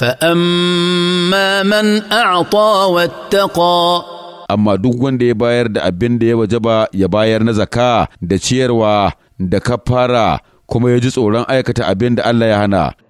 فأما من أعطى واتقى amma duk wanda ya bayar da abin da ya wajaba ya bayar na zaka da ciyarwa da kafara kuma ya ji tsoron aikata abin da Allah ya hana